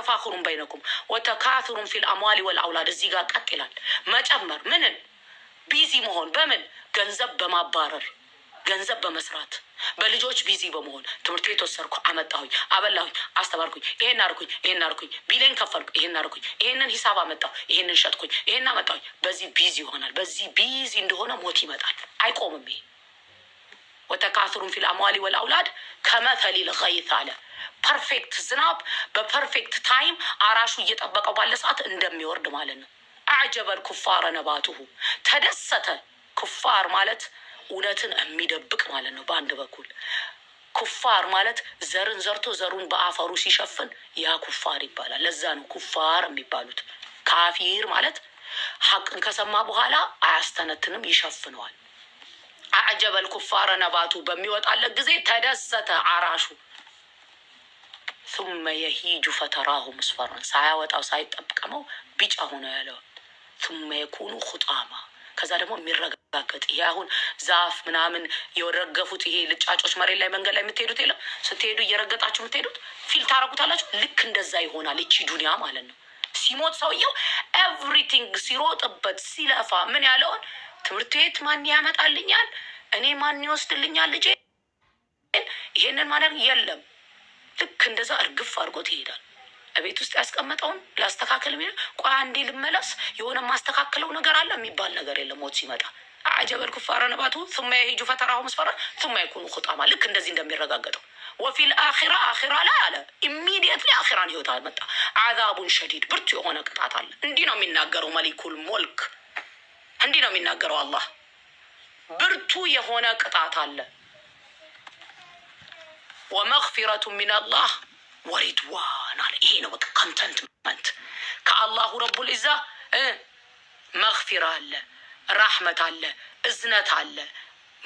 ወተፋክሩን በይነኩም ወተካቱሩን ፊል አምዋሊ ወል አውላድ። እዚህ ጋር ቀጥ ይላል መጨመር። ምንን ቢዚ መሆን በምን ገንዘብ በማባረር ገንዘብ በመስራት በልጆች ቢዚ በመሆን ትምህርት ቤት ወሰድኩ፣ አመጣሁኝ፣ አበላሁኝ፣ አስተማርኩኝ፣ ይሄን አርኩኝ፣ ይሄን አርኩኝ፣ ቢሌን ከፈልኩ፣ ይሄን አርኩኝ፣ ይሄንን ሂሳብ አመጣሁ፣ ይሄንን ሸጥኩኝ፣ ይሄን አመጣሁኝ። በዚህ ቢዚ ይሆናል። በዚህ ቢዚ እንደሆነ ሞት ይመጣል። አይቆምም። ይሄ ወተካቱሩን ፊል አምዋሊ ወል አውላድ ከመተሊል ገይት አለ ፐርፌክት ዝናብ በፐርፌክት ታይም አራሹ እየጠበቀው ባለ ሰዓት እንደሚወርድ ማለት ነው። አዕጀበል ኩፋረ ነባቱሁ ተደሰተ። ኩፋር ማለት እውነትን የሚደብቅ ማለት ነው። በአንድ በኩል ኩፋር ማለት ዘርን ዘርቶ ዘሩን በአፈሩ ሲሸፍን ያ ኩፋር ይባላል። ለዛ ነው ኩፋር የሚባሉት። ካፊር ማለት ሀቅን ከሰማ በኋላ አያስተነትንም፣ ይሸፍነዋል። አዕጀበል ኩፋረ ነባቱ በሚወጣለት ጊዜ ተደሰተ አራሹ ሱመ የሂጁ ፈተራሁ ሙስፈራን ሳያወጣው ሳይጠቀመው ቢጫ ሆኖ ያለው ሱመ የኩኑ ሁጣማ ከዛ ደግሞ የሚረጋገጥ ይሄ አሁን ዛፍ ምናምን የረገፉት ይሄ ልጫጮች መሬት ላይ መንገድ ላይ የምትሄዱት የለም ስትሄዱ እየረገጣችሁ የምትሄዱት ፊል ታረጉታላችሁ። ልክ እንደዛ ይሆናል እቺ ዱኒያ ማለት ነው። ሲሞት ሰውየው ኤቭሪቲንግ ሲሮጥበት ሲለፋ ምን ያለውን ትምህርት ቤት ማን ያመጣልኛል፣ እኔ ማን ይወስድልኛል፣ ልጄ ይሄንን ማድረግ የለም ልክ እንደዛ እርግፍ አድርጎት ይሄዳል። ቤት ውስጥ ያስቀመጠውን ላስተካከል ሚ ቆይ አንዴ ልመለስ፣ የሆነ ማስተካከለው ነገር አለ የሚባል ነገር የለም። ሞት ሲመጣ አጀበል ኩፋረ ነባቱ ثم يهج ፈተራሁ مصفرا ثم የኩኑ ኩጣማ። ልክ እንደዚህ እንደሚረጋገጠው ወፊል الاخره اخره ላይ አለ ኢሚዲየትሊ አኺራን ህይወት አመጣ አዛቡን ሸዲድ ብርቱ የሆነ ቅጣት አለ። እንዲህ ነው የሚናገረው መሊኩል ሞልክ፣ እንዲህ ነው የሚናገረው አላህ ብርቱ የሆነ ቅጣት አለ። ወመግፊረቱ ሚነላህ ወሪድዋን አለ። ይሄ ነው በቃ ኮንተንትመንት ከአላሁ ረቡል ኢዛ መግፊራ አለ፣ ራህመት አለ፣ እዝነት አለ፣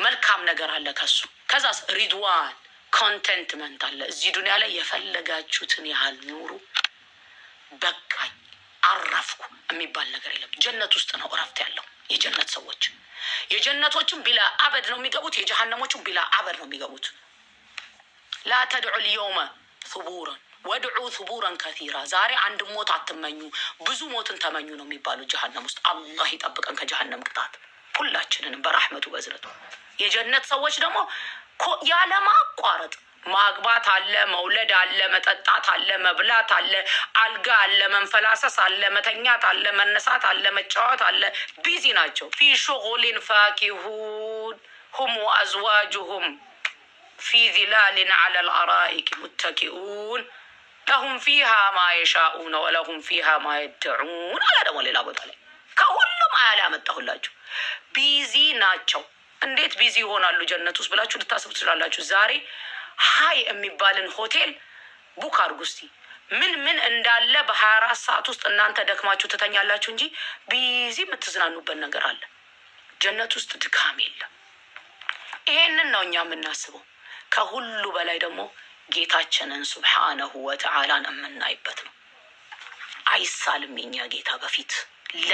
መልካም ነገር አለ ከሱ ከዛስ ሪድዋን ኮንተንትመንት አለ። እዚህ ዱኒያ ላይ የፈለጋችሁትን ያህል ኑሩ፣ በቃኝ አረፍኩ የሚባል ነገር የለም። ጀነት ውስጥ ነው እረፍት ያለው። የጀነት ሰዎች የጀነቶችም ቢላ አበድ ነው የሚገቡት፣ የጀሃነሞችም ቢላ አበድ ነው የሚገቡት። ላተድዑ ልየውመ ቡረን ወድዑ ቡረን ከቲራ። ዛሬ አንድ ሞት አትመኙ፣ ብዙ ሞትን ተመኙ ነው የሚባሉ ጀሃነም ውስጥ። አላህ ይጠብቀን ከጀሀነም ቅጣት ሁላችንንም በራህመቱ በዝነቱ። የጀነት ሰዎች ደግሞ ያለማቋረጥ ማግባት አለ፣ መውለድ አለ፣ መጠጣት አለ፣ መብላት አለ፣ አልጋ አለ፣ መንፈላሰስ አለ፣ መተኛት አለ፣ መነሳት አለ፣ መጫወት አለ። ቢዚ ናቸው። ፊ ሹጉሊን ፋኪሁን ሁም ወአዝዋጁሁም ፊ ዚላልን ዐለ ልአራኢክ ሙተኪኡን ለሁም ፊሃ ማ የሻኡነ ወለሁም ፊሃ ማ የድዑን አላ ደግሞ ሌላ ቦታ ላይ ከሁሉም አያል ያመጣሁላችሁ ቢዚ ናቸው። እንዴት ቢዚ ይሆናሉ ጀነት ውስጥ ብላችሁ ልታስቡ ትችላላችሁ። ዛሬ ሀይ የሚባልን ሆቴል ቡክ አርጉስቲ ምን ምን እንዳለ በሀያ አራት ሰዓት ውስጥ እናንተ ደክማችሁ ትተኛላችሁ እንጂ ቢዚ የምትዝናኑበት ነገር አለ። ጀነት ውስጥ ድካም የለም። ይሄንን ነው እኛ የምናስበው። ከሁሉ በላይ ደግሞ ጌታችንን ሱብሓነሁ ወተዓላን የምናይበት ነው። አይሳልም የኛ ጌታ በፊት ለ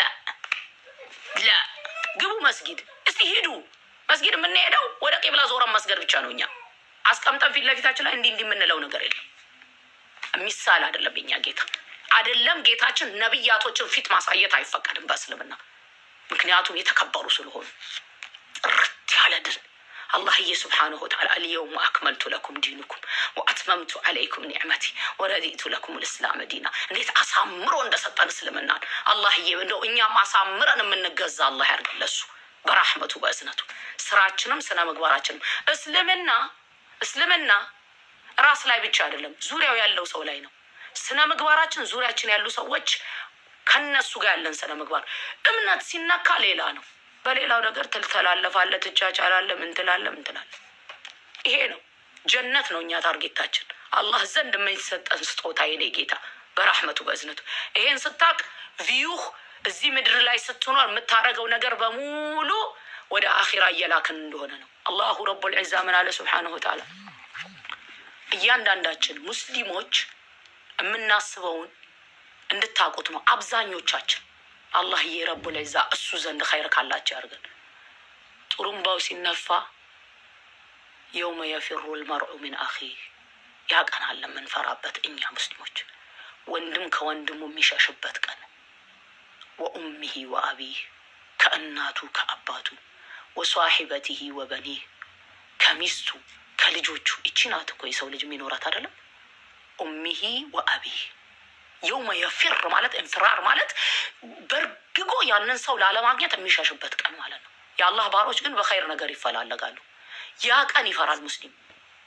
ለ ግቡ መስጊድ እስቲ ሂዱ መስጊድ የምንሄደው ወደ ቄብላ ዞረን መስገድ ብቻ ነው። እኛ አስቀምጠን ፊት ለፊታችን ላይ እንዲህ እንዲህ የምንለው ነገር የለም። የሚሳል አይደለም የኛ ጌታ አይደለም። ጌታችን ነቢያቶችን ፊት ማሳየት አይፈቀድም በእስልምና ምክንያቱም የተከበሩ ስለሆኑ ጥርት ያለ ድር አላህዬ ስብሓንሁ ተዓላ አልየውሙ አክመልቱ ለኩም ዲንኩም ወአትመምቱ ዓለይኩም ኒዕመቲ ወረዲቱ ለኩም ልእስላም ዲና። እንዴት አሳምሮ እንደሰጠን እስልምናን አላህዬ፣ እንደው እኛም አሳምረን የምንገዛ አላህ ያርገን ለሱ በራህመቱ በእዝነቱ፣ ስራችንም ስነ ምግባራችንም። እስልምና እስልምና ራስ ላይ ብቻ አይደለም፣ ዙሪያው ያለው ሰው ላይ ነው። ስነ ምግባራችን ዙሪያችን ያሉ ሰዎች ከነሱ ጋር ያለን ስነ ምግባር። እምነት ሲነካ ሌላ ነው። በሌላው ነገር ትልተላለፋለ ትቻቻላለ ምን ትላለ ምን ትላለ። ይሄ ነው ጀነት ነው እኛ ታርጌታችን። አላህ ዘንድ የምንሰጠን ስጦታ የኔ ጌታ በራህመቱ በእዝነቱ። ይሄን ስታቅ ቪዩህ እዚህ ምድር ላይ ስትኖር የምታረገው ነገር በሙሉ ወደ አኺራ እየላክን እንደሆነ ነው። አላሁ ረቡል ልዕዛ ምን አለ ስብሓነሁ ወተዓላ እያንዳንዳችን ሙስሊሞች የምናስበውን እንድታቁት ነው አብዛኞቻችን አላህዬ ረቡል ዒዛ እሱ ዘንድ ኸይር ካላቸው ያርገን። ጥሩምባው ሲነፋ የውመ የፊሩል መርዑ ሚን አኺ ያቀናል የምንፈራበት እኛ ሙስሊሞች ወንድም ከወንድሙ የሚሸሽበት ቀን ወኡሚሂ ወአቢህ ከእናቱ ከአባቱ ወሷሒበቲሂ ወበኒህ ከሚስቱ ከልጆቹ። እቺ ናት እኮ የሰው ልጅ የሚኖራት አይደለም። ኡሚሂ ወአቢህ የውመ የፊር ማለት እንፍራር ማለት በርግጎ ያንን ሰው ላለማግኘት የሚሸሽበት ቀን ማለት ነው። የአላህ ባሮች ግን በኸይር ነገር ይፈላለጋሉ። ያ ቀን ይፈራል ሙስሊም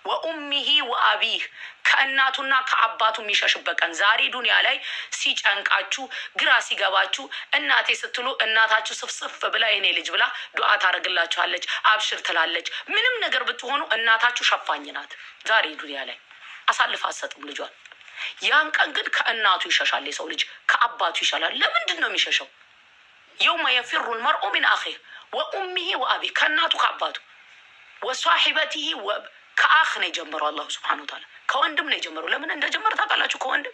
ወኡሚሂ ወአቢህ ከእናቱና ከአባቱ የሚሸሽበት ቀን። ዛሬ ዱንያ ላይ ሲጨንቃችሁ፣ ግራ ሲገባችሁ እናቴ ስትሉ እናታችሁ ስፍስፍ ብላ የኔ ልጅ ብላ ዱዓ ታደርግላችኋለች፣ አብሽር ትላለች። ምንም ነገር ብትሆኑ እናታችሁ ሸፋኝ ናት። ዛሬ ዱንያ ላይ አሳልፍ አትሰጥም ልጇን ያን ቀን ግን ከእናቱ ይሸሻል የሰው ልጅ ከአባቱ ይሻላል። ለምንድን ነው የሚሸሸው? የውመ የፊሩል መርኦ ሚን አኺህ ወኡሚሂ ወአቢ ከእናቱ ከአባቱ ወሳሒበቲሂ ከአኽ ነው የጀመረው አላሁ ስብሐነሁ ወተዓላ ከወንድም ነው የጀመረው። ለምን እንደጀመረ ታውቃላችሁ? ከወንድም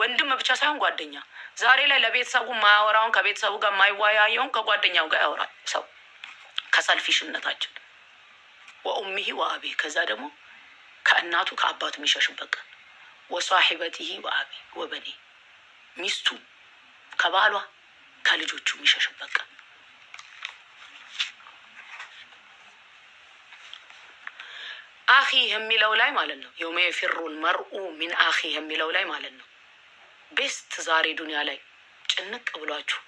ወንድም ብቻ ሳይሆን ጓደኛ። ዛሬ ላይ ለቤተሰቡ ማያወራውን ከቤተሰቡ ጋር ማይወያየውን ከጓደኛው ጋር ያወራል ሰው ከሰልፊሽነታችን ወኡሚሂ ወአቢ ከዛ ደግሞ ከእናቱ ከአባቱ የሚሸሽበት ቀን ወሷሒበቲሂ ወአቢ ወበኒ ሚስቱ ከባሏ ከልጆቹ የሚሸሽበት ቀን አኺ የሚለው ላይ ማለት ነው። የውመ የፊሩ ልመርኡ ሚን አኺ የሚለው ላይ ማለት ነው። ቤስት ዛሬ ዱንያ ላይ ጭንቅ ብሏችሁ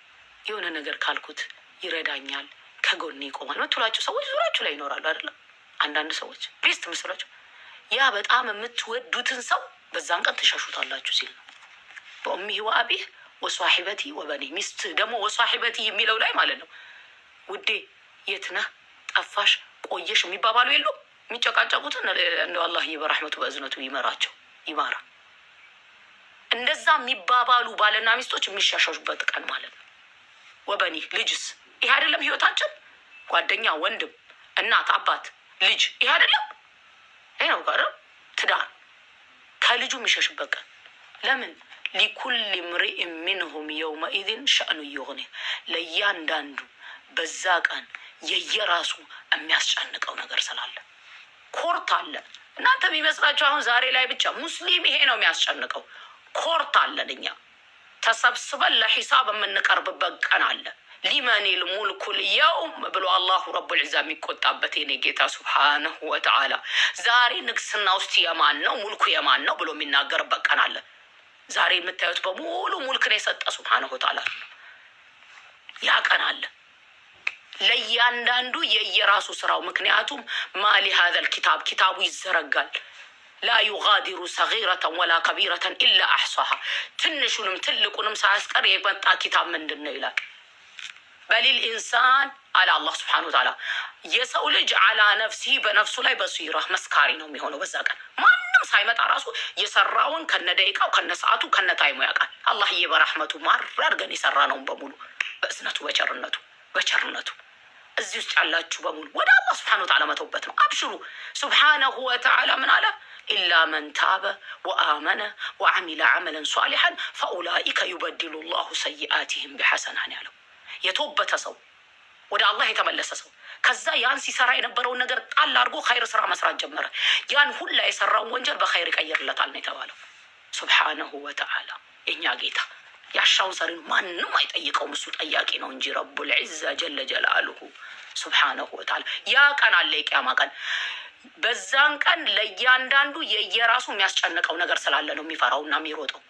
የሆነ ነገር ካልኩት ይረዳኛል፣ ከጎኔ ይቆማል ምትሏቸው ሰዎች ዙሪያችሁ ላይ ይኖራሉ አይደለም? አንዳንድ ሰዎች ቤስት ምስላቸው ያ በጣም የምትወዱትን ሰው በዛን ቀን ትሸሹታላችሁ ሲል ነው። በእሚህ ወአቢህ ወሷሒበቲ ወበኒ ሚስት ደግሞ ወሷሒበቲ የሚለው ላይ ማለት ነው። ውዴ የትነህ ጠፋሽ ቆየሽ የሚባባሉ የሉም። የሚጨቃጨቁትን እንደ አላህ በረሕመቱ በእዝነቱ ይመራቸው ይማራ። እንደዛ የሚባባሉ ባልና ሚስቶች የሚሻሻሹበት ቀን ማለት ነው። ወበኒ ልጅስ ይህ አይደለም ህይወታችን፣ ጓደኛ፣ ወንድም፣ እናት፣ አባት፣ ልጅ ይህ አይደለም ይህ ነው ጋር ትዳር ከልጁ የሚሸሽበት ቀን ለምን? ሊኩል ምርኢ ሚንሁም የውመኢድን ሸእኑ እየሆነ ለእያንዳንዱ በዛ ቀን የየራሱ የሚያስጨንቀው ነገር ስላለ ኮርት አለ። እናንተ የሚመስላቸው አሁን ዛሬ ላይ ብቻ ሙስሊም ይሄ ነው የሚያስጨንቀው። ኮርት አለን እኛ ተሰብስበን ለሂሳብ የምንቀርብበት ቀን አለ። ሊመኒል ሙልኩል የውም ብሎ አላሁ ረቡል የሚቆጣበት የኔ ጌታ ሱብሓነሁ ወተዓላ ዛሬ ንግስና ውስጥ የማን ነው ሙልኩ የማን ነው ብሎ የሚናገርበት ቀን አለ። ዛሬ የምታዩት በሙሉ ሙልክ ነው የሰጠ ሱብሓነሁ ወተዓላ። ያ ቀን አለ ለእያንዳንዱ የየራሱ ስራው። ምክንያቱም ማሊ ሀዘል ኪታብ ኪታቡ ይዘረጋል። ላ ዩጋዲሩ ሰጊረተን ወላ ከቢረተን ኢላ አሕሷሃ ትንሹንም ትልቁንም ሳያስቀር የመጣ ኪታብ ምንድን ነው ይላል። በሊል ኢንሳን አለ አላህ ስብሐነ ወተዓላ የሰው ልጅ አላ ነፍሲ በነፍሱ ላይ በሲራ መስካሪ ነው የሚሆነው። በዛ ቀን ማንም ሳይመጣ ራሱ የሰራውን ከነ ደቂቃው ከነ ሰዓቱ ከነ ታይሙ ያውቃል። አላህዬ በራህመቱ ማር አድርገን የሰራ ነውን በሙሉ በእዝነቱ በቸርነቱ በቸርነቱ እዚህ ውስጥ ያላችሁ በሙሉ ወደ አላህ ስብሐነ ወተዓላ መተውበት ነው። አብሽሩ። ስብሐነሁ ወተዓላ ምን አለ? ኢላ መን ታበ ወአመነ ወአሚለ አመለን ሷሊሐን ፈኡላኢከ ዩበድሉ ላሁ ሰይአቲህም ቢሐሰናን ያለው የተወበተ ሰው፣ ወደ አላህ የተመለሰ ሰው ከዛ ያን ሲሰራ የነበረውን ነገር ጣል አድርጎ ኸይር ስራ መስራት ጀመረ። ያን ሁላ የሰራውን ወንጀል በኸይር ይቀይርለታል ነው የተባለው። ሱብሓነሁ ወተዓላ የእኛ ጌታ ያሻውን ሰሪን ማንም አይጠይቀውም። እሱ ጠያቂ ነው እንጂ ረቡል ዒዛ ጀለ ጀላሉሁ ሱብሓነሁ ወተዓላ። ያ ቀን አለ የቅያማ ቀን። በዛን ቀን ለእያንዳንዱ የየራሱ የሚያስጨንቀው ነገር ስላለ ነው የሚፈራውና የሚሮጠው።